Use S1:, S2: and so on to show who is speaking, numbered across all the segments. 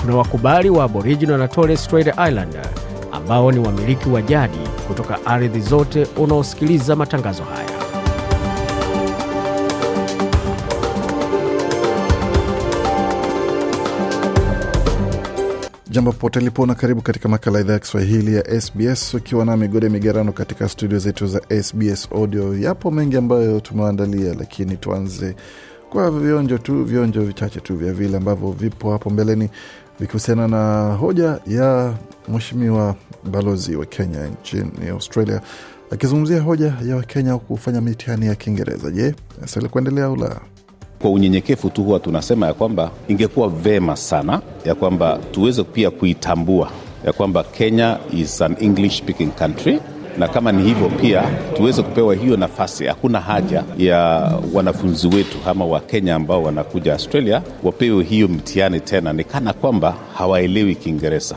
S1: kuna wakubali wa Aboriginal na Torres Strait Islander ambao ni wamiliki wa jadi kutoka ardhi zote unaosikiliza matangazo haya. Jambo popote lipo na karibu katika makala idhaa ya Kiswahili ya SBS ukiwa na migode migerano katika studio zetu za SBS Audio. Yapo mengi ambayo tumeandalia, lakini tuanze kwa vionjo tu, vionjo vichache tu vya vile ambavyo vipo hapo mbeleni vikihusiana na hoja ya mheshimiwa balozi wa Kenya nchini Australia akizungumzia hoja ya Wakenya kufanya mitihani ya Kiingereza. Je, inastahili kuendelea au la? Kwa unyenyekevu tu huwa tunasema ya kwamba ingekuwa vema sana ya kwamba tuweze pia kuitambua ya kwamba Kenya is an English speaking country na kama ni hivyo pia tuweze kupewa hiyo nafasi. Hakuna haja ya wanafunzi wetu ama Wakenya ambao wanakuja Australia wapewe hiyo mtihani tena, ni kana kwamba hawaelewi Kiingereza.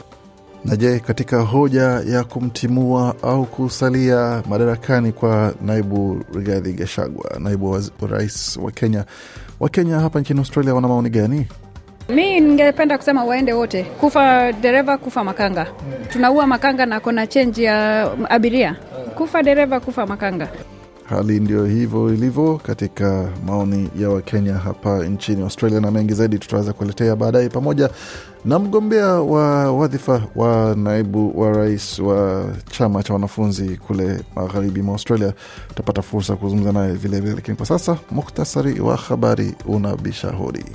S1: Na je, katika hoja ya kumtimua au kusalia madarakani kwa naibu Rigathi Gachagua, naibu wa rais wa Kenya, Wakenya hapa nchini Australia wana maoni gani? Mi ningependa kusema waende wote, kufa dereva, kufa makanga. Tunaua makanga na kona chenji ya abiria, kufa dereva, kufa makanga. Hali ndio hivyo ilivyo katika maoni ya Wakenya hapa nchini Australia, na mengi zaidi tutaweza kuletea baadaye, pamoja na mgombea wa wadhifa wa naibu wa rais wa chama cha wanafunzi kule magharibi mwa Australia. Utapata fursa kuzungumza naye vilevile, lakini kwa sasa muktasari wa habari unabishahuri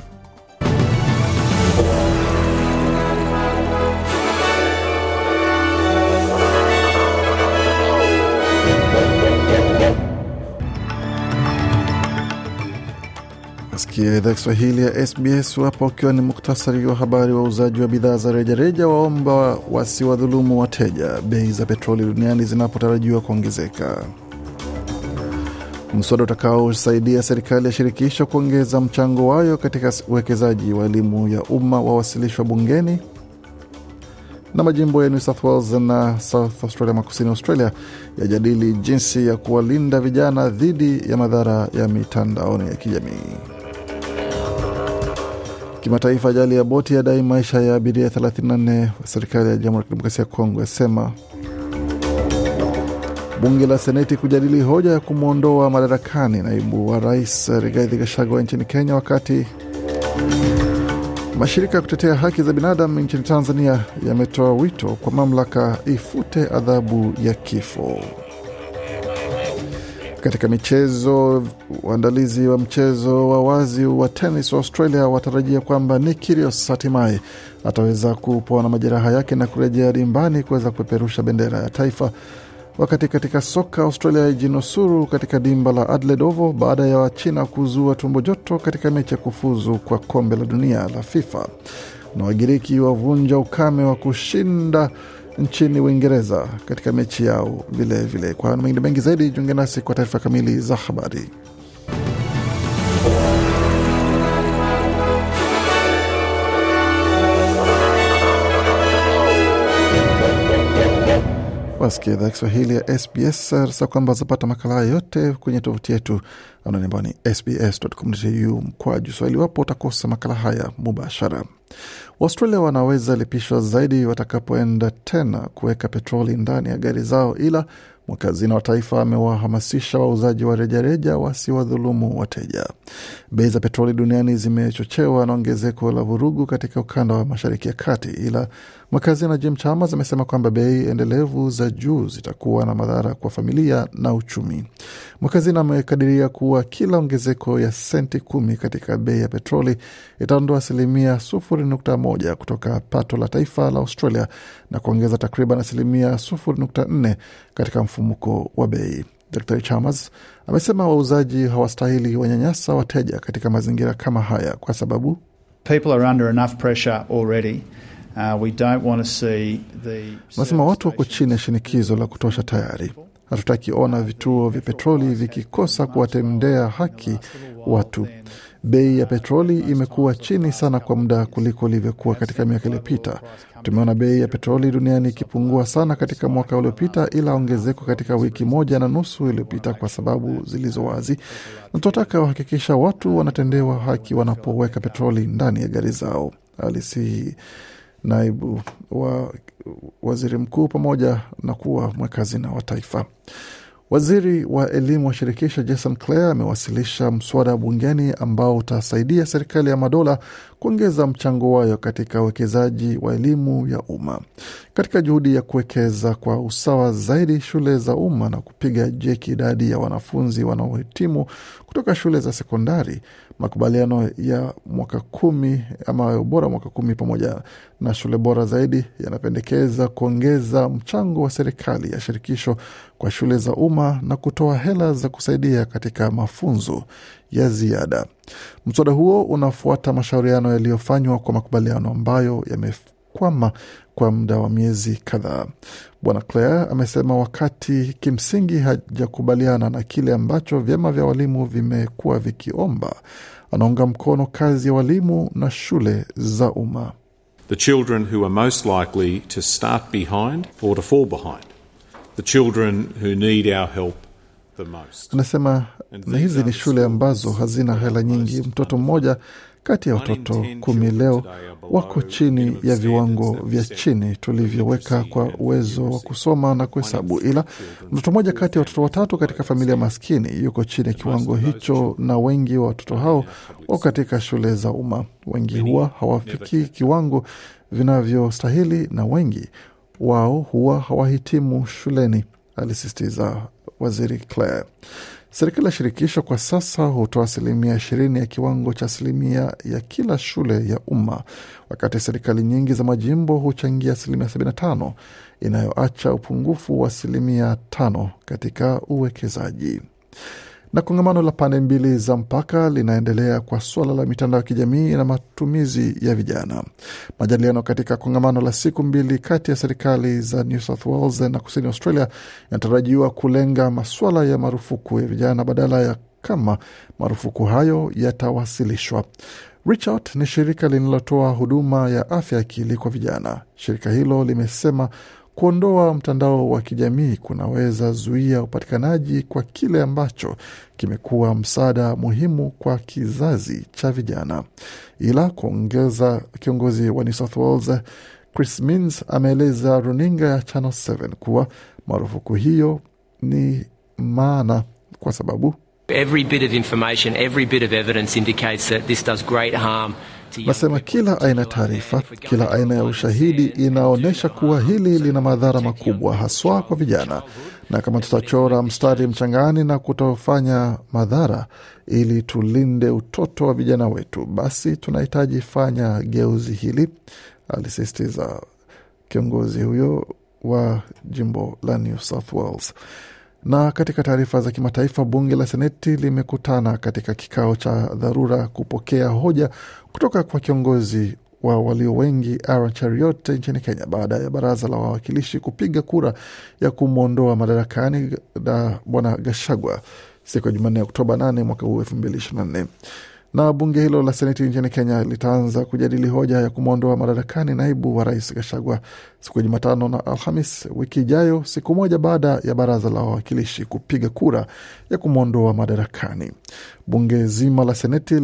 S1: kusikia idhaa Kiswahili ya SBS. Wapo ukiwa ni muktasari wa habari. Wauzaji wa bidhaa za rejareja waomba wasiwadhulumu wateja, bei za petroli duniani zinapotarajiwa kuongezeka. Mswada utakaosaidia serikali ya shirikisho kuongeza mchango wayo katika uwekezaji wa elimu ya umma wawasilishwa bungeni na majimbo ya New South Wales na South Australia makusini Australia yajadili jinsi ya kuwalinda vijana dhidi ya madhara ya mitandaoni ya kijamii. Kimataifa, ajali ya boti yadai maisha ya abiria 34. Serikali ya Jamhuri ya Kidemokrasia ya Kongo yasema. Bunge la Seneti kujadili hoja ya kumwondoa madarakani naibu wa rais Rigathi Gachagua nchini Kenya, wakati mashirika ya kutetea haki za binadamu nchini Tanzania yametoa wito kwa mamlaka ifute adhabu ya kifo. Katika michezo, waandalizi wa mchezo wa wazi wa tenis wa Australia watarajia kwamba ni Kyrgios hatimaye ataweza kupona majeraha yake na kurejea dimbani kuweza kupeperusha bendera ya taifa. Wakati katika soka Australia ijinusuru katika dimba la Adelaide Oval baada ya Wachina kuzua tumbo joto katika mechi ya kufuzu kwa kombe la dunia la FIFA, na Wagiriki wavunja ukame wa kushinda nchini Uingereza katika mechi yao vilevile. Kwa mengine mengi zaidi, jiunge nasi kwa taarifa kamili za habari. Wasikia idhaa Kiswahili ya SBS. Sasa kwamba zapata makala yote kwenye tovuti yetu anani ambao ni sbs.com.au mkwaju swahili. Iwapo utakosa makala haya mubashara Waustralia wanaweza lipishwa zaidi watakapoenda tena kuweka petroli ndani ya gari zao, ila Mwakazina wa taifa amewahamasisha wauzaji wa rejareja wasiwadhulumu wateja. Bei za petroli duniani zimechochewa na ongezeko la vurugu katika ukanda wa mashariki ya kati, ila mwakazina Jim Chalmers amesema kwamba bei endelevu za juu zitakuwa na madhara kwa familia na uchumi. Mwakazina amekadiria kuwa kila ongezeko ya senti kumi katika bei ya petroli itaondoa asilimia sufuri nukta moja kutoka pato la taifa la Australia na kuongeza takriban asilimia sufuri nukta nne katika mfumuko wa bei. Dr Chalmers amesema wauzaji hawastahili wanyanyasa wateja katika mazingira kama haya kwa sababu People are under enough pressure already. Uh, Nasema watu wako chini ya shinikizo la kutosha tayari. Hatutaki ona vituo vya petroli vikikosa kuwatendea haki watu. Bei ya petroli imekuwa chini sana kwa muda kuliko ilivyokuwa katika miaka iliyopita. Tumeona bei ya petroli duniani ikipungua sana katika mwaka uliopita, ila ongezeko katika wiki moja na nusu iliyopita kwa sababu zilizo wazi, na tunataka wahakikisha watu wanatendewa haki wanapoweka petroli ndani ya gari zao, alisihi naibu wa waziri mkuu pamoja na kuwa mwekazina wa taifa. Waziri wa elimu wa shirikisho Jason Clare amewasilisha mswada bungeni ambao utasaidia serikali ya madola kuongeza mchango wayo katika uwekezaji wa elimu ya umma. Katika juhudi ya kuwekeza kwa usawa zaidi shule za umma na kupiga jeki idadi ya wanafunzi wanaohitimu kutoka shule za sekondari, makubaliano ya mwaka kumi ama ubora mwaka kumi pamoja na shule bora zaidi yanapendekeza kuongeza mchango wa serikali ya shirikisho kwa shule za umma na kutoa hela za kusaidia katika mafunzo ya ziada. Mswada huo unafuata mashauriano yaliyofanywa kwa makubaliano ambayo yamekwama kwa muda wa miezi kadhaa. Bwana Clare amesema wakati kimsingi hajakubaliana na kile ambacho vyama vya walimu vimekuwa vikiomba, anaunga mkono kazi ya walimu na shule za umma. The children who are most likely to start behind or to fall behind. The children who need our help Anasema hizi ni shule ambazo hazina hela nyingi. Mtoto mmoja kati ya watoto kumi leo wako chini ya viwango vya chini tulivyoweka kwa uwezo wa kusoma na kuhesabu, ila mtoto mmoja kati ya watoto watatu katika familia maskini yuko chini ya kiwango hicho, na wengi wa watoto hao wako katika shule za umma. Wengi huwa hawafikii kiwango vinavyostahili na wengi wao huwa hawahitimu shuleni, alisisitiza Waziri Clare. Serikali ya shirikisho kwa sasa hutoa asilimia ishirini ya kiwango cha asilimia ya kila shule ya umma, wakati serikali nyingi za majimbo huchangia asilimia sabini na tano inayoacha upungufu wa asilimia tano katika uwekezaji. Na kongamano la pande mbili za mpaka linaendelea kwa suala la mitandao ya kijamii na matumizi ya vijana. Majadiliano katika kongamano la siku mbili kati ya serikali za New South Wales na kusini Australia yanatarajiwa kulenga masuala ya marufuku ya vijana badala ya kama marufuku hayo yatawasilishwa. Richard ni shirika linalotoa huduma ya afya akili kwa vijana. Shirika hilo limesema Kuondoa mtandao wa kijamii kunaweza zuia upatikanaji kwa kile ambacho kimekuwa msaada muhimu kwa kizazi cha vijana. Ila kuongeza, kiongozi wa New South Wales Chris Minns ameeleza runinga ya Channel 7 kuwa marufuku hiyo ni maana kwa sababu every bit of information, every bit of evidence indicates that this does great harm Nasema kila aina ya taarifa, kila aina ya ushahidi inaonyesha kuwa hili lina madhara makubwa, haswa kwa vijana, na kama tutachora mstari mchangani na kutofanya madhara ili tulinde utoto wa vijana wetu, basi tunahitaji fanya geuzi hili, alisisitiza kiongozi huyo wa jimbo la New South Wales. Na katika taarifa za kimataifa, bunge la Seneti limekutana katika kikao cha dharura kupokea hoja kutoka kwa kiongozi wa walio wengi Aaron nchini Kenya baada ya baraza la wawakilishi kupiga kura ya kumwondoa madarakani na bwana Gashagwa siku ya Jumanne, Oktoba 8 mwaka huu 2024. Na bunge hilo la seneti nchini Kenya litaanza kujadili hoja ya kumwondoa madarakani naibu wa rais Gashagwa siku ya Jumatano na Alhamis wiki ijayo, siku moja baada ya baraza la wawakilishi kupiga kura ya kumwondoa madarakani. Bunge zima la seneti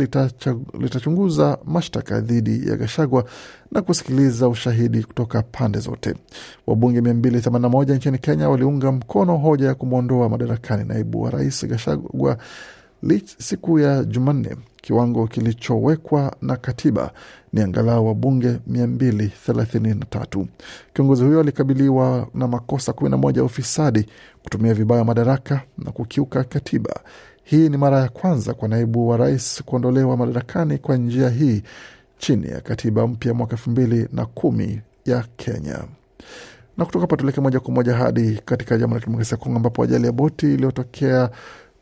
S1: litachunguza lita mashtaka dhidi ya gashagwa na kusikiliza ushahidi kutoka pande zote. Wabunge 281 nchini Kenya waliunga mkono hoja ya kumwondoa madarakani naibu wa rais Gashagwa siku ya Jumanne. Kiwango kilichowekwa na katiba ni angalau wabunge 233. Kiongozi huyo alikabiliwa na makosa 11 ya ufisadi, kutumia vibaya madaraka na kukiuka katiba. Hii ni mara ya kwanza kwa naibu wa rais kuondolewa madarakani kwa njia hii chini ya katiba mpya mwaka elfu mbili na kumi ya Kenya. Na kutoka hapa moja kwa moja hadi katika Jamhuri ya Kidemokrasia ya Kongo ambapo ajali ya boti iliyotokea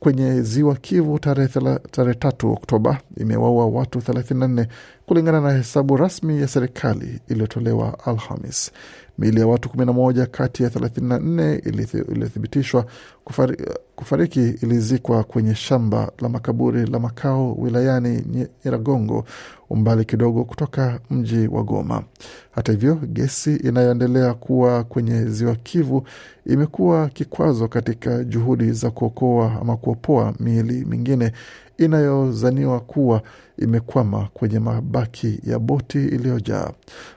S1: kwenye ziwa Kivu tarehe tare tatu Oktoba imewaua watu 34 kulingana na hesabu rasmi ya serikali iliyotolewa Alhamis. Miili ya watu 11 kati ya 34 iliyothibitishwa kufari, kufariki ilizikwa kwenye shamba la makaburi la Makao wilayani Nyiragongo, umbali kidogo kutoka mji wa Goma. Hata hivyo, gesi inayoendelea kuwa kwenye ziwa Kivu imekuwa kikwazo katika juhudi za kuokoa ama kuopoa miili mingine inayozaniwa kuwa imekwama kwenye mabaki ya boti iliyojaa.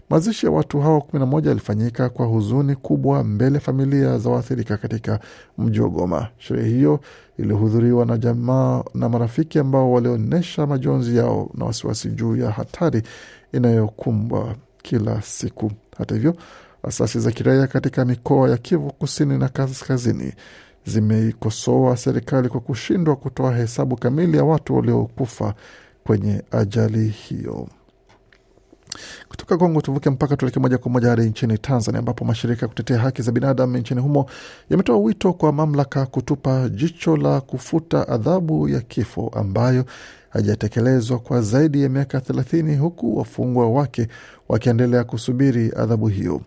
S1: Mazishi ya watu hao kumi na moja yalifanyika kwa huzuni kubwa mbele familia za waathirika katika mji wa Goma. Sherehe hiyo ilihudhuriwa na jamaa na marafiki ambao walionyesha majonzi yao na wasiwasi juu ya hatari inayokumbwa kila siku. Hata hivyo, asasi za kiraia katika mikoa ya Kivu Kusini na Kaskazini zimeikosoa serikali kwa kushindwa kutoa hesabu kamili ya watu waliokufa kwenye ajali hiyo. Kutoka Kongo tuvuke mpaka tuleke moja kwa moja hadi nchini Tanzania, ambapo mashirika ya kutetea haki za binadamu nchini humo yametoa wito kwa mamlaka kutupa jicho la kufuta adhabu ya kifo ambayo hajatekelezwa kwa zaidi ya miaka thelathini huku wafungwa wake wakiendelea kusubiri adhabu hiyo.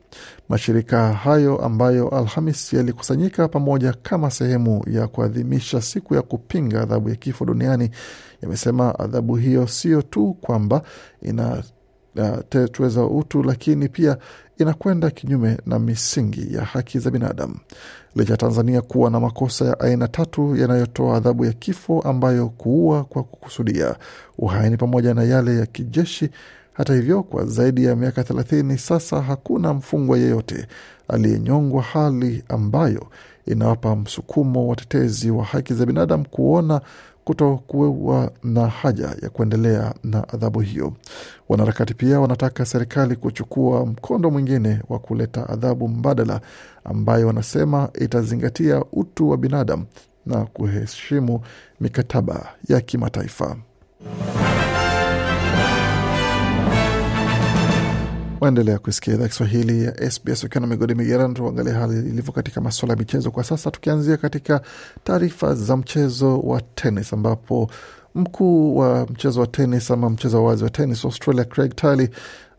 S1: Mashirika hayo ambayo Alhamis yalikusanyika pamoja kama sehemu ya kuadhimisha siku ya kupinga adhabu ya kifo duniani yamesema adhabu hiyo sio tu kwamba ina uh, tetwe za utu, lakini pia inakwenda kinyume na misingi ya haki za binadamu. Licha ya Tanzania kuwa na makosa ya aina tatu yanayotoa adhabu ya kifo, ambayo kuua kwa kukusudia, uhaini pamoja na yale ya kijeshi. Hata hivyo, kwa zaidi ya miaka thelathini sasa hakuna mfungwa yeyote aliyenyongwa, hali ambayo inawapa msukumo watetezi wa haki za binadamu kuona kutokuwa na haja ya kuendelea na adhabu hiyo. Wanaharakati pia wanataka serikali kuchukua mkondo mwingine wa kuleta adhabu mbadala ambayo wanasema itazingatia utu wa binadamu na kuheshimu mikataba ya kimataifa. Waendelea kusikia idhaa Kiswahili ya SBS ukiwa na migodi migerani. Tuangalie hali ilivyo katika masuala ya michezo kwa sasa, tukianzia katika taarifa za mchezo wa tenis ambapo mkuu wa mchezo wa tenis ama mchezo wa wazi wa tenis Australia Craig Tiley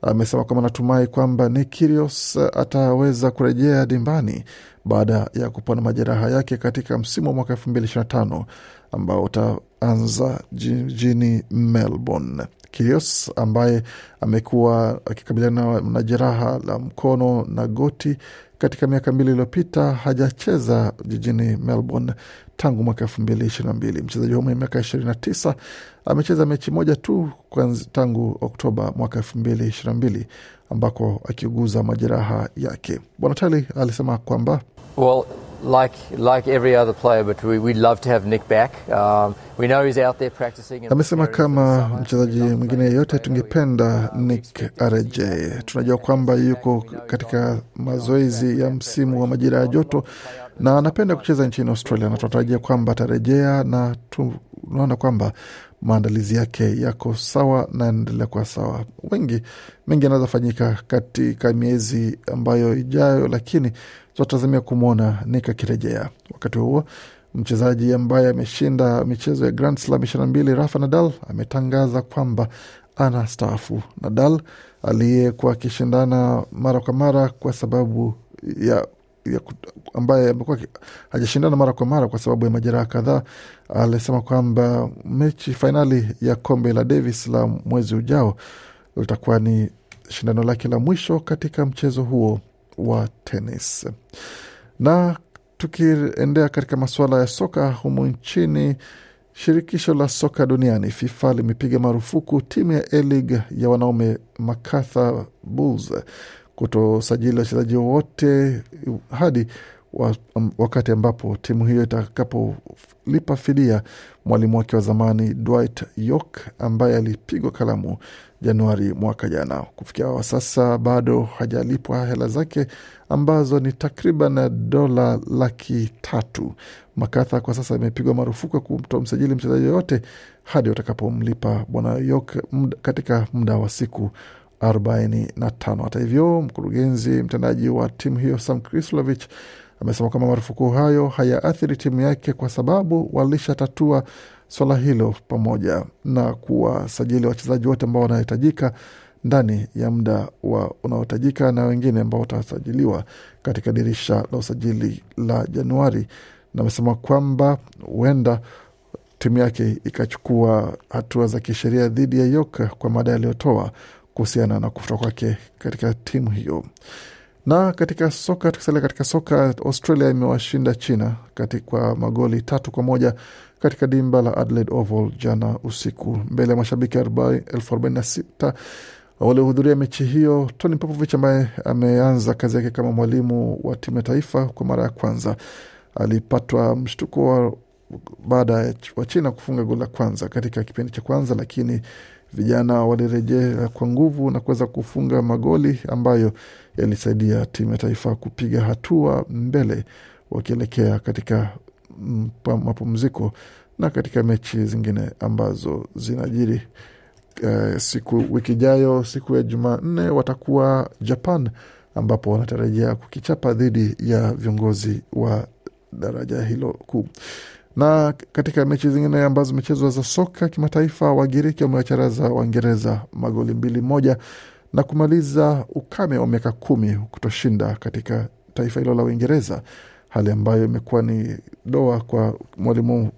S1: amesema kwamba anatumai kwamba Nick Kyrgios ataweza kurejea dimbani baada ya kupona majeraha yake katika msimu wa mwaka elfu mbili ishirini na tano ambao utaanza jijini Melbourne. Karius ambaye amekuwa akikabiliana na jeraha la mkono na goti katika miaka mbili iliyopita hajacheza jijini Melbourne tangu mwaka elfu mbili ishirini na mbili. Mchezaji huyo mwenye miaka ishirini na tisa amecheza mechi moja tu tangu Oktoba mwaka elfu mbili ishirini na mbili ambako akiuguza majeraha yake. Bwana Tali alisema kwamba well, Um, Amesema kama mchezaji mwingine yeyote tungependa Nick arejee. Tunajua kwamba yuko katika mazoezi ya msimu wa majira ya joto na anapenda kucheza nchini Australia na tunatarajia kwamba atarejea na tunaona kwamba maandalizi yake yako sawa na yanaendelea kuwa sawa. Wengi mengi yanaweza fanyika katika miezi ambayo ijayo, lakini tunatazamia kumwona Nick akirejea. Wakati huo mchezaji ambaye ameshinda michezo ya Grand Slam mbili Rafa Nadal ametangaza kwamba ana staafu. Nadal aliyekuwa akishindana mara kwa mara kwa sababu ya, ya ambaye amekuwa hajashindana mara kwa mara kwa sababu ya majeraha kadhaa, alisema kwamba mechi fainali ya kombe la Davis la mwezi ujao litakuwa ni shindano lake la mwisho katika mchezo huo wa tenis. Na tukiendea katika masuala ya soka humu nchini, shirikisho la soka duniani FIFA limepiga marufuku timu ya A-League ya wanaume Macarthur Bulls kutosajili wachezaji wote hadi wakati ambapo timu hiyo itakapolipa fidia mwalimu wake wa zamani Dwight York ambaye alipigwa kalamu Januari mwaka jana. Kufikia wa sasa bado hajalipwa hela zake ambazo ni takriban dola laki tatu. Makatha kwa sasa imepigwa marufuku ya kutomsajili mchezaji yoyote hadi watakapomlipa bwana York katika muda wa siku 45. Hata hivyo, mkurugenzi mtendaji wa timu hiyo Sam Krislovich amesema kwamba marufuku hayo hayaathiri timu yake kwa sababu walishatatua swala hilo pamoja na kuwasajili wachezaji wote ambao wanahitajika ndani ya muda wa unaohitajika na wengine ambao watasajiliwa katika dirisha la usajili la Januari, na amesema kwamba huenda timu yake ikachukua hatua za kisheria dhidi ya Yoka kwa madai aliyotoa kuhusiana na kufutwa kwake katika timu hiyo. Na katika soka tukisalia katika soka, Australia imewashinda China kwa magoli tatu kwa moja katika dimba la Adelaide Oval jana usiku mbele ya mashabiki 46 waliohudhuria mechi hiyo. Tony Popovich ambaye ameanza kazi yake kama mwalimu wa timu ya taifa kwa mara ya kwanza alipatwa mshtuko wa baada ya china kufunga goli la kwanza katika kipindi cha kwanza, lakini vijana walirejea kwa nguvu na kuweza kufunga magoli ambayo yalisaidia timu ya taifa kupiga hatua mbele wakielekea katika mapumziko na katika mechi zingine ambazo zinajiri. Uh, siku wiki ijayo, siku ya Jumanne watakuwa Japan, ambapo wanatarajia kukichapa dhidi ya viongozi wa daraja hilo kuu. Na katika mechi zingine ambazo zimechezwa za soka kimataifa, Wagiriki wamewacharaza Waingereza magoli mbili moja na kumaliza ukame wa miaka kumi kutoshinda katika taifa hilo la Uingereza, hali ambayo imekuwa ni doa kwa mwalimu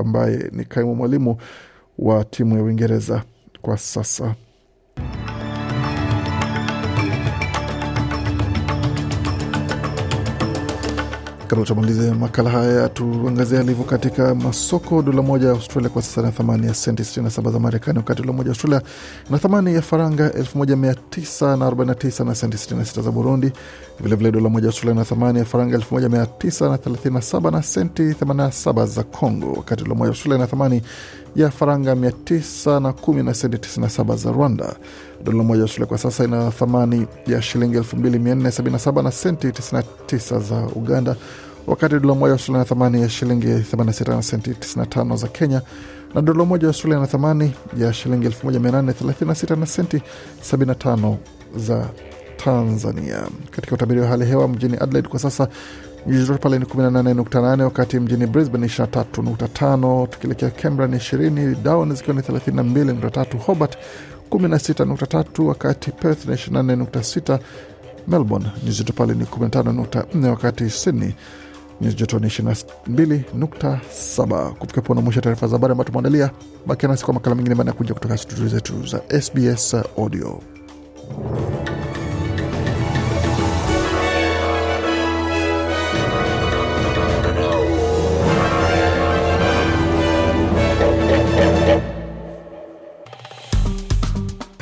S1: ambaye ni kaimu mwalimu wa timu ya Uingereza kwa sasa. Kabla tumalize makala haya, tuangazie alivyo katika masoko. Dola moja ya Australia kwa sasa na thamani ya senti 67 za Marekani, wakati dola moja ya Australia na thamani ya faranga 1949 na senti 66 za Burundi. Vilevile dola moja ya Australia na thamani ya faranga 1937 na senti 87 za Congo, wakati dola moja ya Australia na thamani ya faranga 910 na senti 97 za Rwanda. Dola moja shule kwa sasa ina thamani ya shilingi 2477 na senti 99 za Uganda, wakati dola moja shule ina thamani ya shilingi 86 na senti 95 za Kenya, na dola moja ya shule ina thamani ya shilingi 1836 na senti 75 za Tanzania. Katika utabiri wa hali hewa mjini Adelaide kwa sasa nyuzi joto pale ni 18.8, wakati mjini Brisbane ni 23.5, tukielekea Canberra ni 20, Darwin zikiwa ni 32.3, Hobart 16.3, wakati Perth na 24.6, Melbourne nyuzi joto pale ni 15.4, wakati Sydney nyuzi joto ni 22.7. Kufikia pona mwisho taarifa za habari ambayo tumeandalia. Bakia nasi kwa makala mengine ya kuja kutoka studio zetu za SBS Audio.